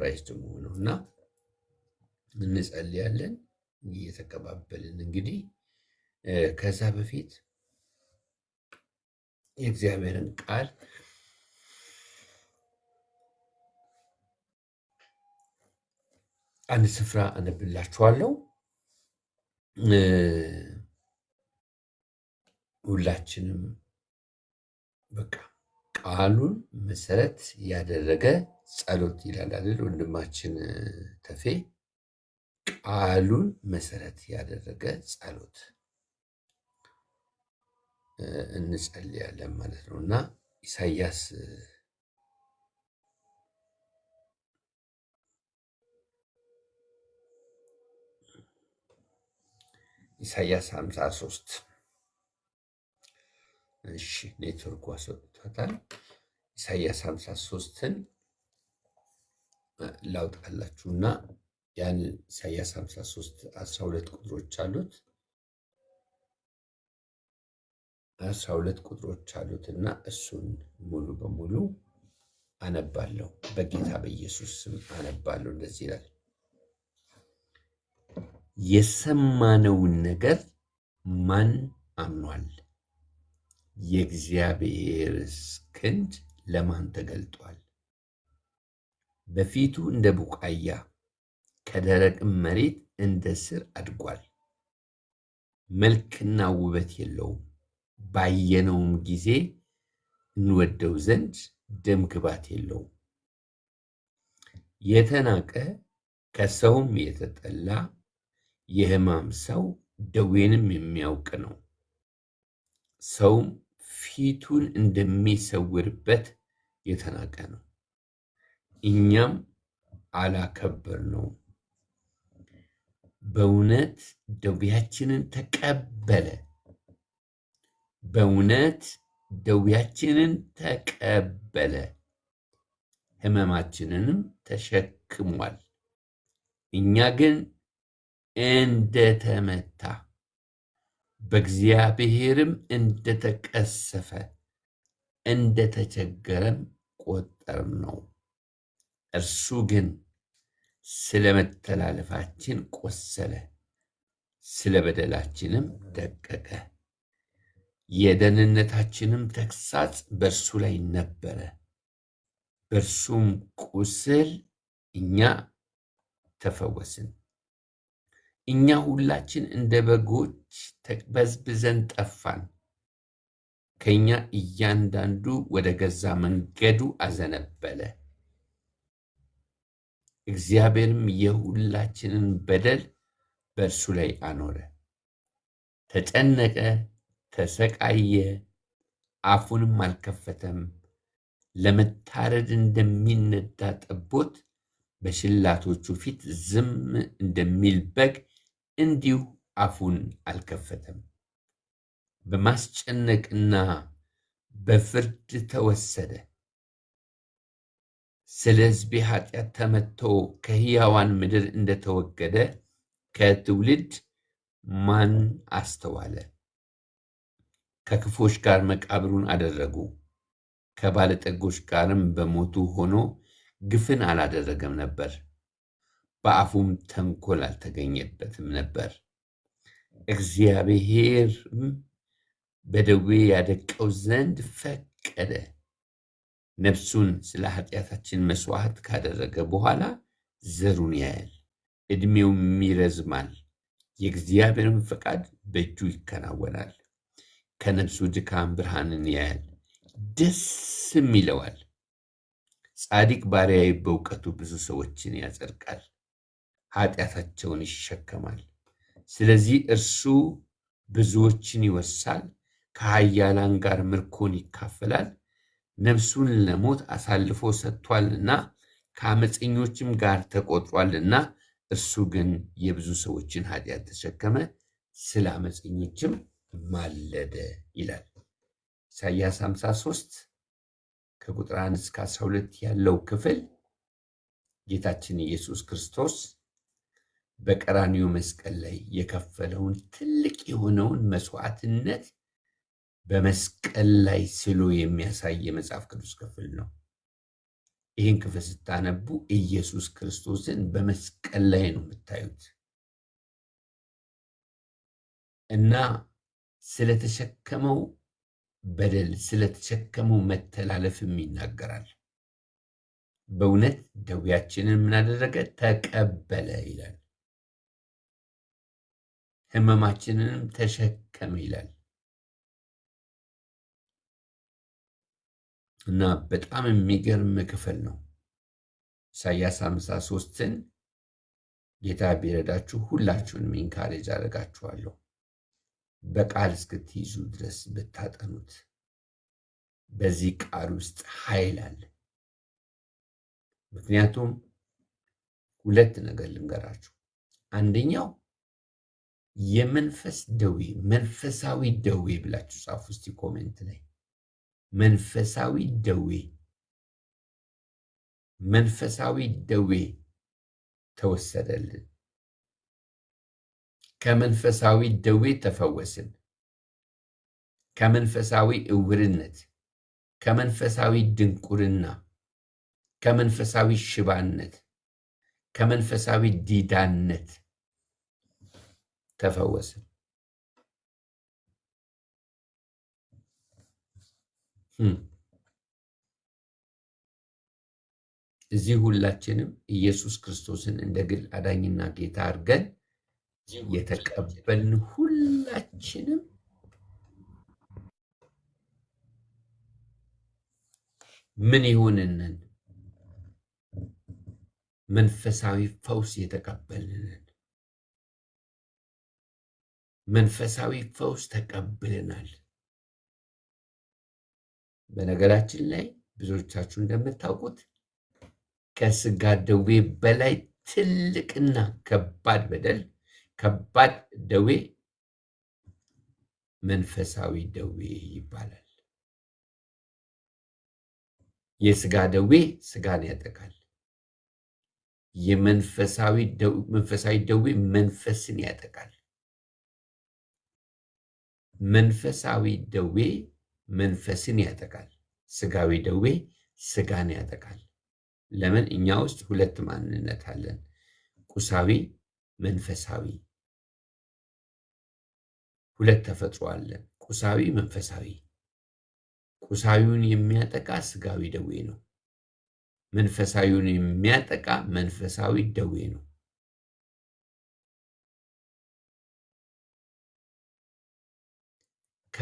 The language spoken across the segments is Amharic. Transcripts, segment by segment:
ሰርፕራይዝ መሆኑ እና እንጸልያለን እየተቀባበልን እንግዲህ ከዛ በፊት የእግዚአብሔርን ቃል አንድ ስፍራ አነብላችኋለሁ። ሁላችንም በቃ ቃሉን መሰረት ያደረገ ጸሎት ይላል አይደል? ወንድማችን ተፌ ቃሉን መሰረት ያደረገ ጸሎት እንጸልያለን ማለት ነው እና ኢሳያስ ኢሳያስ 53 እሺ ኔትወርክ ሰምታችሁታል። ኢሳያስ 53ን ላውጣላችሁና ያን ኢሳያስ 53 12 ቁጥሮች አሉት 12 ቁጥሮች አሉትና እሱን ሙሉ በሙሉ አነባለሁ። በጌታ በኢየሱስ ስም አነባለሁ። እንደዚህ ይላል፣ የሰማነውን ነገር ማን አምኗል? የእግዚአብሔርስ ክንድ ለማን ተገልጧል? በፊቱ እንደ ቡቃያ ከደረቅም መሬት እንደ ስር አድጓል። መልክና ውበት የለውም፣ ባየነውም ጊዜ እንወደው ዘንድ ደም ግባት የለውም። የተናቀ ከሰውም የተጠላ የሕማም ሰው ደዌንም የሚያውቅ ነው። ሰውም ፊቱን እንደሚሰውርበት የተናቀ ነው። እኛም አላከበር ነው። በእውነት ደዌያችንን ተቀበለ። በእውነት ደዌያችንን ተቀበለ፣ ሕመማችንንም ተሸክሟል። እኛ ግን እንደተመታ በእግዚአብሔርም እንደተቀሰፈ እንደተቸገረም ቆጠርም ነው። እርሱ ግን ስለ መተላለፋችን ቆሰለ፣ ስለ በደላችንም ደቀቀ። የደህንነታችንም ተግሳጽ በእርሱ ላይ ነበረ፣ በእርሱም ቁስል እኛ ተፈወስን። እኛ ሁላችን እንደ በጎች ተቅበዝብዘን ጠፋን። ከእኛ እያንዳንዱ ወደ ገዛ መንገዱ አዘነበለ። እግዚአብሔርም የሁላችንን በደል በእርሱ ላይ አኖረ። ተጨነቀ፣ ተሰቃየ፣ አፉንም አልከፈተም። ለመታረድ እንደሚነዳ ጠቦት በሽላቶቹ ፊት ዝም እንደሚል በግ እንዲሁ አፉን አልከፈተም። በማስጨነቅና በፍርድ ተወሰደ። ስለ ሕዝቤ ኃጢአት ተመትቶ ከሕያዋን ምድር እንደተወገደ ከትውልድ ማን አስተዋለ? ከክፎች ጋር መቃብሩን አደረጉ፣ ከባለጠጎች ጋርም በሞቱ ሆኖ ግፍን አላደረገም ነበር። በአፉም ተንኮል አልተገኘበትም ነበር። እግዚአብሔርም በደዌ ያደቀው ዘንድ ፈቀደ። ነፍሱን ስለ ኃጢአታችን መስዋዕት ካደረገ በኋላ ዘሩን ያያል፣ ዕድሜውም ይረዝማል፣ የእግዚአብሔርን ፈቃድ በእጁ ይከናወናል። ከነፍሱ ድካም ብርሃንን ያያል፣ ደስም ይለዋል። ጻድቅ ባሪያዬ በእውቀቱ ብዙ ሰዎችን ያጸድቃል፣ ኃጢአታቸውን ይሸከማል። ስለዚህ እርሱ ብዙዎችን ይወሳል፣ ከኃያላን ጋር ምርኮን ይካፈላል። ነፍሱን ለሞት አሳልፎ ሰጥቷልና ከአመፀኞችም ጋር ተቆጥሯልና እርሱ ግን የብዙ ሰዎችን ኃጢአት ተሸከመ፣ ስለ አመፀኞችም ማለደ ይላል። ኢሳያስ 53 ከቁጥር 1 እስከ 12 ያለው ክፍል ጌታችን ኢየሱስ ክርስቶስ በቀራኒዮ መስቀል ላይ የከፈለውን ትልቅ የሆነውን መስዋዕትነት በመስቀል ላይ ስሎ የሚያሳይ የመጽሐፍ ቅዱስ ክፍል ነው። ይህን ክፍል ስታነቡ ኢየሱስ ክርስቶስን በመስቀል ላይ ነው የምታዩት እና ስለተሸከመው በደል ስለተሸከመው መተላለፍም ይናገራል። በእውነት ደዌያችንን ምን አደረገ? ተቀበለ ይላል። ህመማችንንም ተሸከመ ይላል እና በጣም የሚገርም ክፍል ነው። ኢሳያስ 53 ሶስትን ጌታ ቢረዳችሁ ሁላችሁንም ኢንካሬጅ አደርጋችኋለሁ በቃል እስክትይዙ ድረስ ብታጠኑት። በዚህ ቃል ውስጥ ኃይል አለ። ምክንያቱም ሁለት ነገር ልንገራችሁ። አንደኛው የመንፈስ ደዌ መንፈሳዊ ደዌ ብላችሁ ጻፉ እስቲ ኮሜንት ላይ መንፈሳዊ ደዌ መንፈሳዊ ደዌ ተወሰደልን። ከመንፈሳዊ ደዌ ተፈወስን። ከመንፈሳዊ እውርነት፣ ከመንፈሳዊ ድንቁርና፣ ከመንፈሳዊ ሽባነት፣ ከመንፈሳዊ ዲዳነት ተፈወስን። እዚህ ሁላችንም ኢየሱስ ክርስቶስን እንደ ግል አዳኝና ጌታ አድርገን የተቀበልን ሁላችንም ምን ይሁንንን መንፈሳዊ ፈውስ የተቀበልንን መንፈሳዊ ፈውስ ተቀብለናል። በነገራችን ላይ ብዙዎቻችሁ እንደምታውቁት ከስጋ ደዌ በላይ ትልቅና ከባድ በደል፣ ከባድ ደዌ መንፈሳዊ ደዌ ይባላል። የስጋ ደዌ ስጋን ያጠቃል። የመንፈሳዊ ደዌ መንፈስን ያጠቃል። መንፈሳዊ ደዌ መንፈስን ያጠቃል፣ ስጋዊ ደዌ ስጋን ያጠቃል። ለምን እኛ ውስጥ ሁለት ማንነት አለን፣ ቁሳዊ መንፈሳዊ። ሁለት ተፈጥሮ አለን፣ ቁሳዊ መንፈሳዊ። ቁሳዊውን የሚያጠቃ ስጋዊ ደዌ ነው። መንፈሳዊውን የሚያጠቃ መንፈሳዊ ደዌ ነው።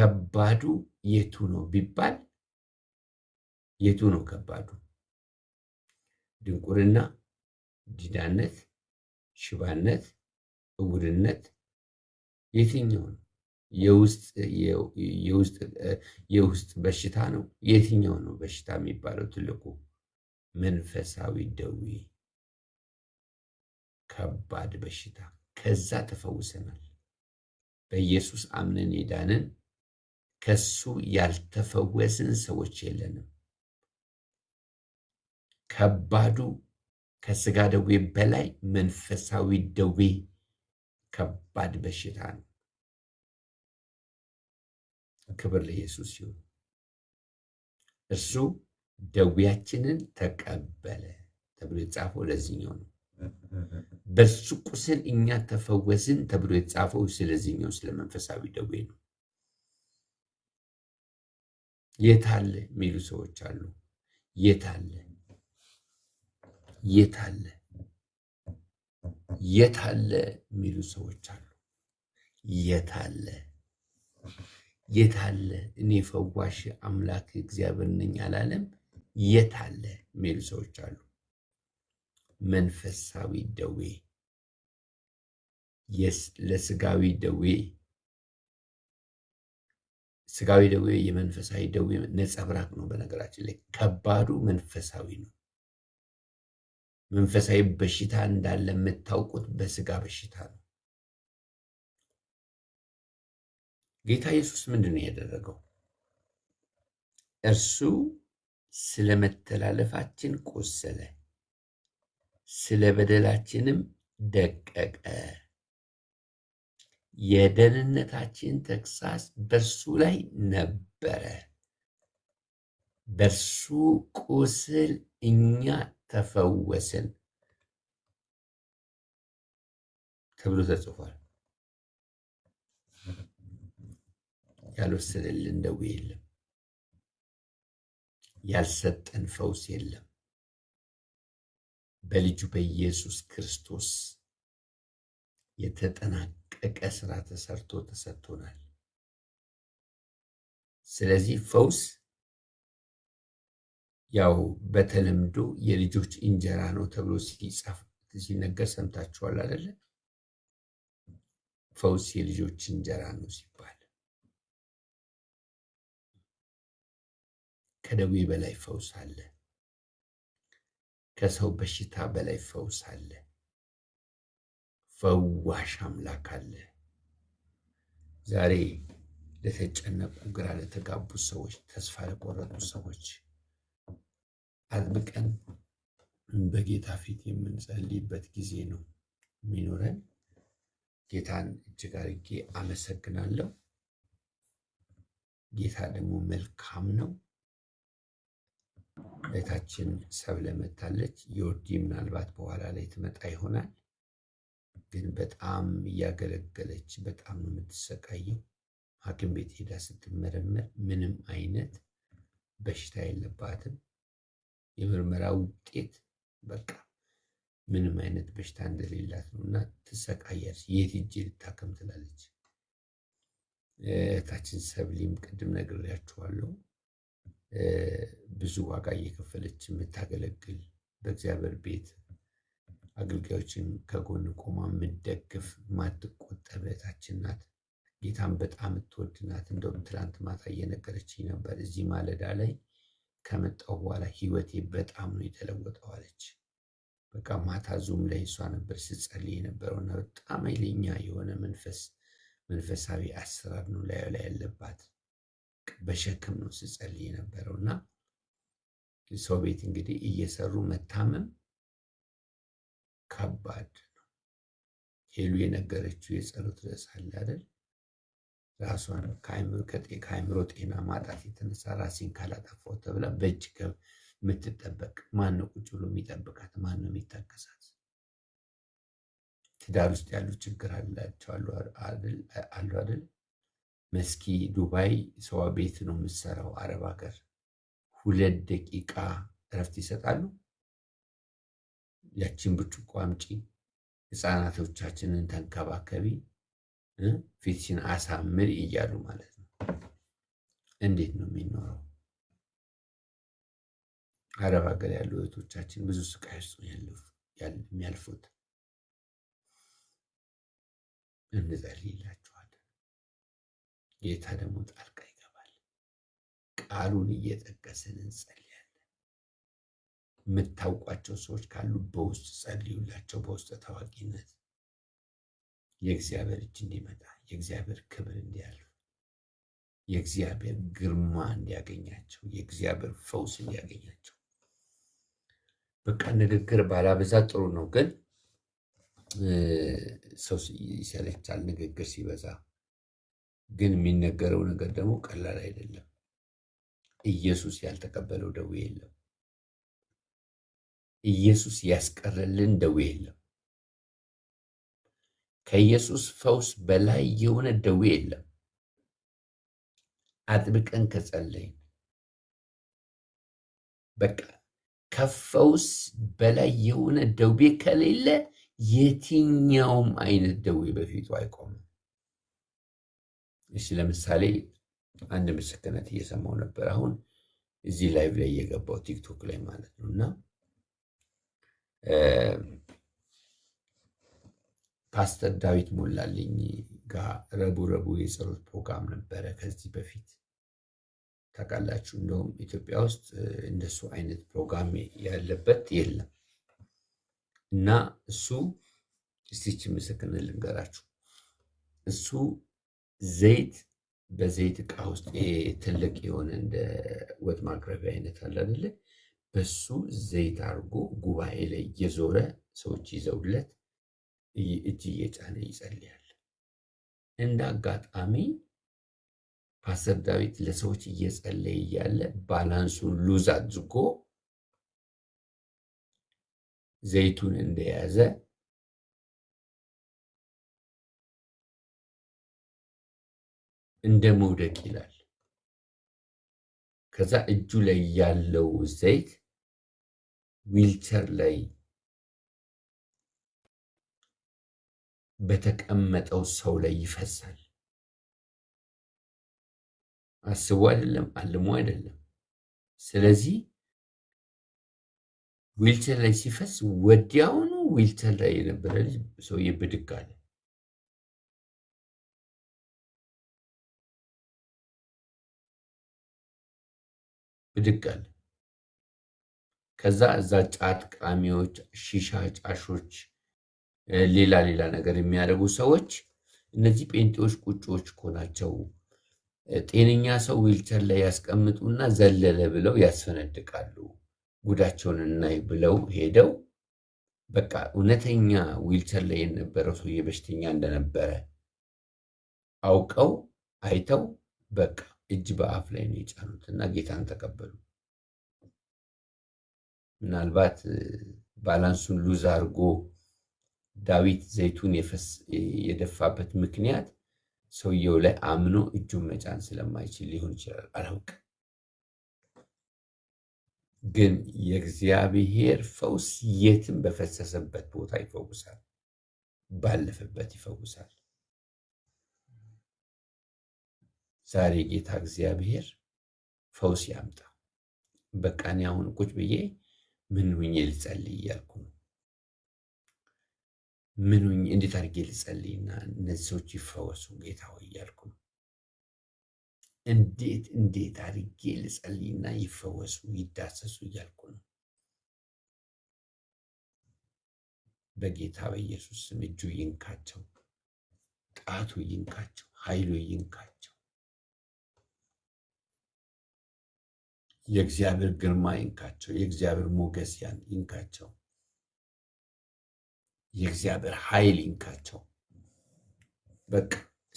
ከባዱ የቱ ነው ቢባል የቱ ነው ከባዱ? ድንቁርና፣ ዲዳነት፣ ሽባነት፣ እውርነት የትኛው ነው? የውስጥ በሽታ ነው? የትኛው ነው በሽታ የሚባለው? ትልቁ መንፈሳዊ ደዌ፣ ከባድ በሽታ። ከዛ ተፈውሰናል። በኢየሱስ አምነን የዳንን ከሱ ያልተፈወስን ሰዎች የለንም። ከባዱ ከስጋ ደዌ በላይ መንፈሳዊ ደዌ ከባድ በሽታ ነው። ክብር ለኢየሱስ ይሁን። እርሱ ደዌያችንን ተቀበለ ተብሎ የተጻፈው ለዚህኛው ነው። በእርሱ ቁስል እኛ ተፈወስን ተብሎ የተጻፈው ስለዚህኛው ስለ መንፈሳዊ ደዌ ነው። የታለ የሚሉ ሰዎች አሉ። የታለ የታለ የታለ የሚሉ ሰዎች አሉ። የታለ የታለ እኔ ፈዋሽ አምላክ እግዚአብሔር ነኝ አላለም። የታለ የሚሉ ሰዎች አሉ። መንፈሳዊ ደዌ ለስጋዊ ደዌ ስጋዊ ደዌ የመንፈሳዊ ደዌ ነጸብራቅ ነው። በነገራችን ላይ ከባዱ መንፈሳዊ ነው። መንፈሳዊ በሽታ እንዳለ የምታውቁት በስጋ በሽታ ነው። ጌታ ኢየሱስ ምንድን ነው ያደረገው? እርሱ ስለ መተላለፋችን ቆሰለ፣ ስለ በደላችንም ደቀቀ የደህንነታችን ተግሳጽ በእርሱ ላይ ነበረ፣ በእርሱ ቁስል እኛ ተፈወስን ተብሎ ተጽፏል። ያልወሰደልን ደዌ የለም፣ ያልሰጠን ፈውስ የለም። በልጁ በኢየሱስ ክርስቶስ የተጠናቀቀ ስራ ተሰርቶ ተሰጥቶናል። ስለዚህ ፈውስ ያው በተለምዶ የልጆች እንጀራ ነው ተብሎ ሲጻፍ ሲነገር ሰምታችኋል አይደለ? ፈውስ የልጆች እንጀራ ነው ሲባል ከደዌ በላይ ፈውስ አለ። ከሰው በሽታ በላይ ፈውስ አለ። ፈዋሽ አምላክ አለ። ዛሬ ለተጨነቁ ግራ ለተጋቡ ሰዎች፣ ተስፋ ለቆረጡ ሰዎች አጥብቀን በጌታ ፊት የምንጸልይበት ጊዜ ነው የሚኖረን። ጌታን እጅግ አድርጌ አመሰግናለሁ። ጌታ ደግሞ መልካም ነው። እህታችን ሰብለ መታለች። ዮርዲ ምናልባት በኋላ ላይ ትመጣ ይሆናል። ግን በጣም እያገለገለች በጣም ነው የምትሰቃየው። ሐኪም ቤት ሄዳ ስትመረመር ምንም አይነት በሽታ የለባትም። የምርመራ ውጤት በቃ ምንም አይነት በሽታ እንደሌላት ነው እና ትሰቃያለች። የት ሂጄ ልታከም ትላለች። እህታችን ሰብሊም ቅድም ነግሬያችኋለሁ፣ ብዙ ዋጋ እየከፈለች የምታገለግል በእግዚአብሔር ቤት አገልጋዮችን ከጎን ቆማ የምትደግፍ ማትቆጠብ እህታችን ናት። ጌታን በጣም የምትወድ ናት። እንደውም ትላንት ማታ እየነገረችኝ ነበር። እዚህ ማለዳ ላይ ከመጣሁ በኋላ ህይወቴ በጣም ነው የተለወጠው አለች። በቃ ማታ ዙም ላይ እሷ ነበር ስጸልይ የነበረው እና በጣም ኃይለኛ የሆነ መንፈስ መንፈሳዊ አሰራር ነው ላዩ ላይ ያለባት። በሸክም ነው ስጸልይ የነበረው እና ሰው ቤት እንግዲህ እየሰሩ መታመም ከባድ ነው። ሄሉ የነገረችው የጸሎት ርዕስ አለ አይደል? ራሷን ከአይምሮ ጤና ማጣት የተነሳ ራሴን ካላጠፋው ተብላ በእጅ የምትጠበቅ ማን ነው? ቁጭ ብሎ የሚጠብቃት ማን ነው? የሚታከሳት ትዳር ውስጥ ያሉ ችግር አላቸው አሉ አይደል? መስኪ ዱባይ ሰዋ ቤት ነው የምትሰራው፣ አረብ ሀገር ሁለት ደቂቃ እረፍት ይሰጣሉ። ያቺን ብርጭቆ አምጪ፣ ህፃናቶቻችንን ተንከባከቢ፣ ፊትሽን አሳምሪ እያሉ ማለት ነው። እንዴት ነው የሚኖረው? አረብ ሀገር ያሉ እህቶቻችን ብዙ ስቃይ ውስጥ የሚያልፉት እንጸልይላችኋለን። ጌታ ደግሞ ጣልቃ ይገባል። ቃሉን እየጠቀስን እንጸልይ። የምታውቋቸው ሰዎች ካሉ በውስጥ ጸልዩላቸው። በውስጥ ታዋቂነት የእግዚአብሔር እጅ እንዲመጣ፣ የእግዚአብሔር ክብር እንዲያልፍ፣ የእግዚአብሔር ግርማ እንዲያገኛቸው፣ የእግዚአብሔር ፈውስ እንዲያገኛቸው። በቃ ንግግር ባላበዛ ጥሩ ነው፣ ግን ሰው ይሰለቻል ንግግር ሲበዛ። ግን የሚነገረው ነገር ደግሞ ቀላል አይደለም። ኢየሱስ ያልተቀበለው ደዌ የለም። ኢየሱስ ያስቀረልን ደዌ የለም። ከኢየሱስ ፈውስ በላይ የሆነ ደዌ የለም። አጥብቀን ከጸለይን በቃ ከፈውስ በላይ የሆነ ደዌ ከሌለ የትኛውም አይነት ደዌ በፊቱ አይቆምም። እሺ፣ ለምሳሌ አንድ ምስክርነት እየሰማው ነበር አሁን እዚህ ላይቭ ላይ እየገባው ቲክቶክ ላይ ማለት ነው እና ፓስተር ዳዊት ሞላልኝ ጋር ረቡ ረቡ የጸሎት ፕሮግራም ነበረ ከዚህ በፊት ታውቃላችሁ። እንደውም ኢትዮጵያ ውስጥ እንደሱ አይነት ፕሮግራም ያለበት የለም እና እሱ እስቲች ምስክን ልንገራችሁ። እሱ ዘይት በዘይት እቃ ውስጥ ትልቅ የሆነ እንደ ወጥ ማቅረቢያ አይነት አለ አይደለ? በሱ ዘይት አድርጎ ጉባኤ ላይ እየዞረ ሰዎች ይዘውለት እጅ እየጫነ ይጸልያል። እንደ አጋጣሚ ፓስተር ዳዊት ለሰዎች እየጸለየ እያለ ባላንሱን ሉዝ አድርጎ ዘይቱን እንደያዘ እንደ መውደቅ ይላል። ከዛ እጁ ላይ ያለው ዘይት ዊልቸር ላይ በተቀመጠው ሰው ላይ ይፈሳል። አስቦ አይደለም፣ አልሞ አይደለም። ስለዚህ ዊልቸር ላይ ሲፈስ ወዲያውኑ ዊልቸር ላይ የነበረ ልጅ ሰውዬ ብድግ አለ። ብድግ አለ። ከዛ እዛ ጫት ቃሚዎች፣ ሺሻ ጫሾች፣ ሌላ ሌላ ነገር የሚያደርጉ ሰዎች እነዚህ ጴንጤዎች ቁጮዎች እኮ ናቸው። ጤነኛ ሰው ዊልቸር ላይ ያስቀምጡና ዘለለ ብለው ያስፈነድቃሉ። ጉዳቸውን እናይ ብለው ሄደው በቃ እውነተኛ ዊልቸር ላይ የነበረው ሰው በሽተኛ እንደነበረ አውቀው አይተው በቃ እጅ በአፍ ላይ ነው የጫኑት እና ጌታን ተቀበሉ። ምናልባት ባላንሱን ሉዝ አድርጎ ዳዊት ዘይቱን የደፋበት ምክንያት ሰውየው ላይ አምኖ እጁን መጫን ስለማይችል ሊሆን ይችላል። አላውቅ ግን የእግዚአብሔር ፈውስ የትም በፈሰሰበት ቦታ ይፈውሳል፣ ባለፈበት ይፈውሳል። ዛሬ ጌታ እግዚአብሔር ፈውስ ያምጣ። በቃ እኔ አሁን ቁጭ ብዬ ምን ሁኜ ልጸልይ እያልኩ ነው። ምን ሁኜ እንዴት አድርጌ ልጸልይና እነዚህ ሰዎች ይፈወሱ ጌታ ሆይ እያልኩ ነው። እንዴት እንዴት አድርጌ ልጸልይና ይፈወሱ ይዳሰሱ እያልኩ ነው። በጌታ በኢየሱስ ስም እጁ ይንካቸው፣ ጣቱ ይንካቸው፣ ኃይሉ ይንካቸው። የእግዚአብሔር ግርማ ይንካቸው፣ የእግዚአብሔር ሞገስ ይንካቸው፣ የእግዚአብሔር ኃይል ይንካቸው። በቃ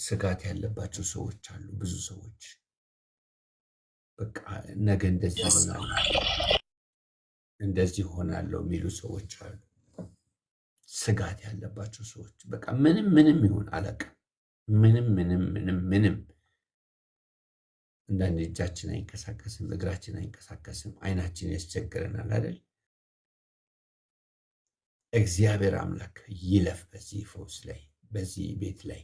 ስጋት ያለባቸው ሰዎች አሉ። ብዙ ሰዎች በቃ ነገ እንደዚህ ሆናለሁ እንደዚህ ሆናለሁ የሚሉ ሰዎች አሉ። ስጋት ያለባቸው ሰዎች በቃ ምንም ምንም ይሁን አለቃ ምንም ምንም ምንም ምንም አንዳንድ እጃችን አይንቀሳቀስም፣ እግራችን አይንቀሳቀስም፣ አይናችን ያስቸግረናል አይደል? እግዚአብሔር አምላክ ይለፍ በዚህ ፈውስ ላይ በዚህ ቤት ላይ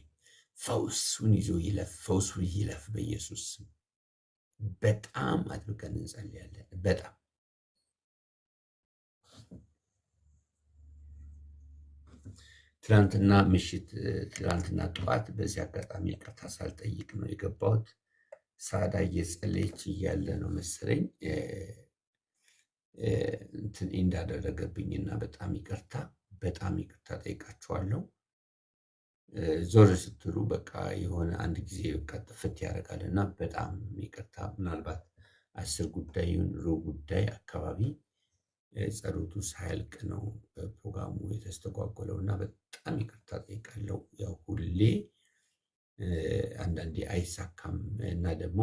ፈውሱን ይዞ ይለፍ፣ ፈውሱ ይለፍ በኢየሱስ ስም። በጣም አጥብቀን እንጸልያለን። በጣም ትላንትና ምሽት፣ ትላንትና ጠዋት በዚህ አጋጣሚ ይቅርታ ሳልጠይቅ ነው የገባሁት። ሳዳ እየጸለየች እያለ ነው መሰለኝ እንትን እንዳደረገብኝና በጣም ይቅርታ በጣም ይቅርታ ጠይቃችኋለሁ። ዞር ስትሉ በቃ የሆነ አንድ ጊዜ በቃ ጥፍት ያደርጋል እና በጣም ይቅርታ። ምናልባት አስር ጉዳይ ሩብ ጉዳይ አካባቢ ጸሎቱ ሳያልቅ ነው ፕሮግራሙ የተስተጓጎለው እና በጣም ይቅርታ ጠይቃለሁ። ያው ሁሌ አንዳንዴ አይሳካም እና ደግሞ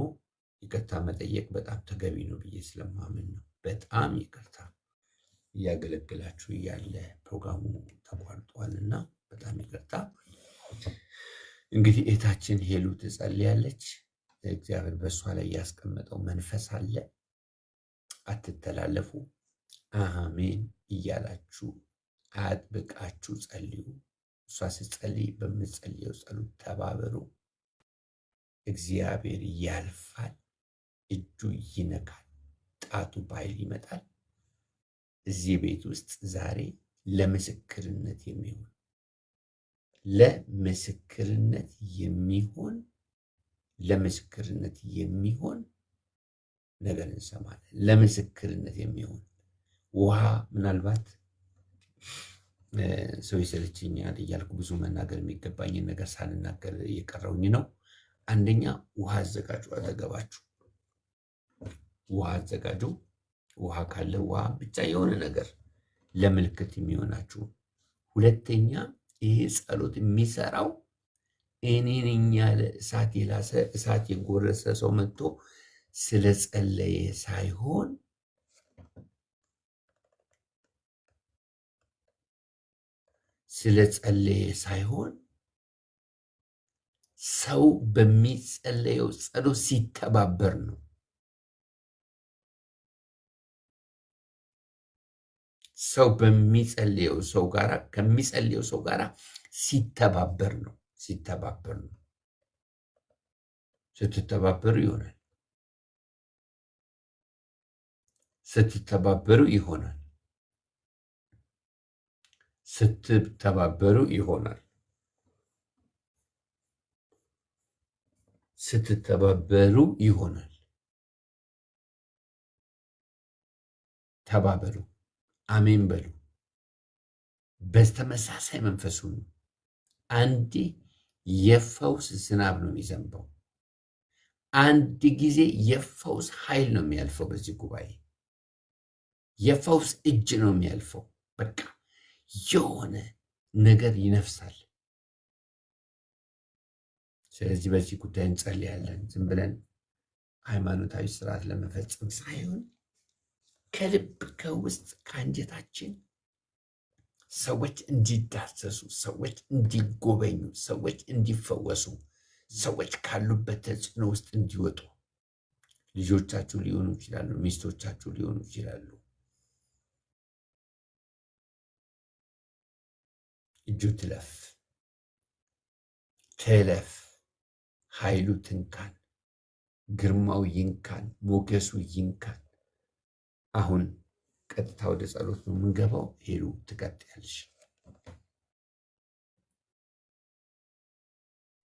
ይቅርታ መጠየቅ በጣም ተገቢ ነው ብዬ ስለማምን ነው። በጣም ይቅርታ እያገለግላችሁ እያለ ፕሮግራሙ ተቋርጧል እና በጣም ይቅርታ። እንግዲህ እህታችን ሄሉ ትጸልያለች። እግዚአብሔር በእሷ ላይ ያስቀመጠው መንፈስ አለ። አትተላለፉ። አሜን እያላችሁ አጥብቃችሁ ጸልዩ። እሷ ስትጸልይ በምትጸልየው ጸሎት ተባበሩ። እግዚአብሔር ያልፋል፣ እጁ ይነካል፣ ጣቱ በኃይል ይመጣል። እዚህ ቤት ውስጥ ዛሬ ለምስክርነት የሚሆን ለምስክርነት የሚሆን ለምስክርነት የሚሆን ነገር እንሰማለን። ለምስክርነት የሚሆን ውሃ ምናልባት ሰው ይሰለችኛል እያልኩ ብዙ መናገር የሚገባኝን ነገር ሳልናገር እየቀረውኝ ነው። አንደኛ ውሃ አዘጋጁ፣ አጠገባችሁ ውሃ አዘጋጁ። ውሃ ካለ ውሃ ብቻ የሆነ ነገር ለምልክት የሚሆናችሁ። ሁለተኛ ይሄ ጸሎት የሚሰራው እኔን እኛ እሳት የላሰ እሳት የጎረሰ ሰው መጥቶ ስለ ጸለየ ሳይሆን ጸለየ ሳይሆን ሰው በሚጸለየው ጸሎት ሲተባበር ነው። ሰው በሚጸልየው ሰው ጋራ ከሚጸልየው ሰው ጋር ሲተባበር ነው። ሲተባበር ነው። ስትተባበሩ ይሆናል። ስትተባበሩ ይሆናል። ስትተባበሩ ይሆናል። ስትተባበሩ ይሆናል። ተባበሩ፣ አሜን በሉ። በተመሳሳይ መንፈሱ ነው። አንዴ የፈውስ ዝናብ ነው የሚዘንበው። አንድ ጊዜ የፈውስ ኃይል ነው የሚያልፈው። በዚህ ጉባኤ የፈውስ እጅ ነው የሚያልፈው። በቃ የሆነ ነገር ይነፍሳል። ስለዚህ በዚህ ጉዳይ እንጸልያለን። ዝም ብለን ሃይማኖታዊ ስርዓት ለመፈጸም ሳይሆን ከልብ ከውስጥ ከአንጀታችን ሰዎች እንዲዳሰሱ፣ ሰዎች እንዲጎበኙ፣ ሰዎች እንዲፈወሱ፣ ሰዎች ካሉበት ተጽዕኖ ውስጥ እንዲወጡ ልጆቻችሁ ሊሆኑ ይችላሉ፣ ሚስቶቻችሁ ሊሆኑ ይችላሉ እጁ ትለፍ ትለፍ፣ ኃይሉ ትንካን፣ ግርማው ይንካን፣ ሞገሱ ይንካን። አሁን ቀጥታ ወደ ጸሎት ነው የምንገባው። ሄሉ ትቀጥያለሽ።